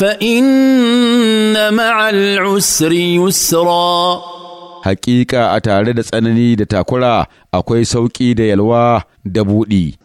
فإن مع العسر يسرا Haƙiƙa a tare da tsanani da takura akwai sauƙi da yalwa da buɗi.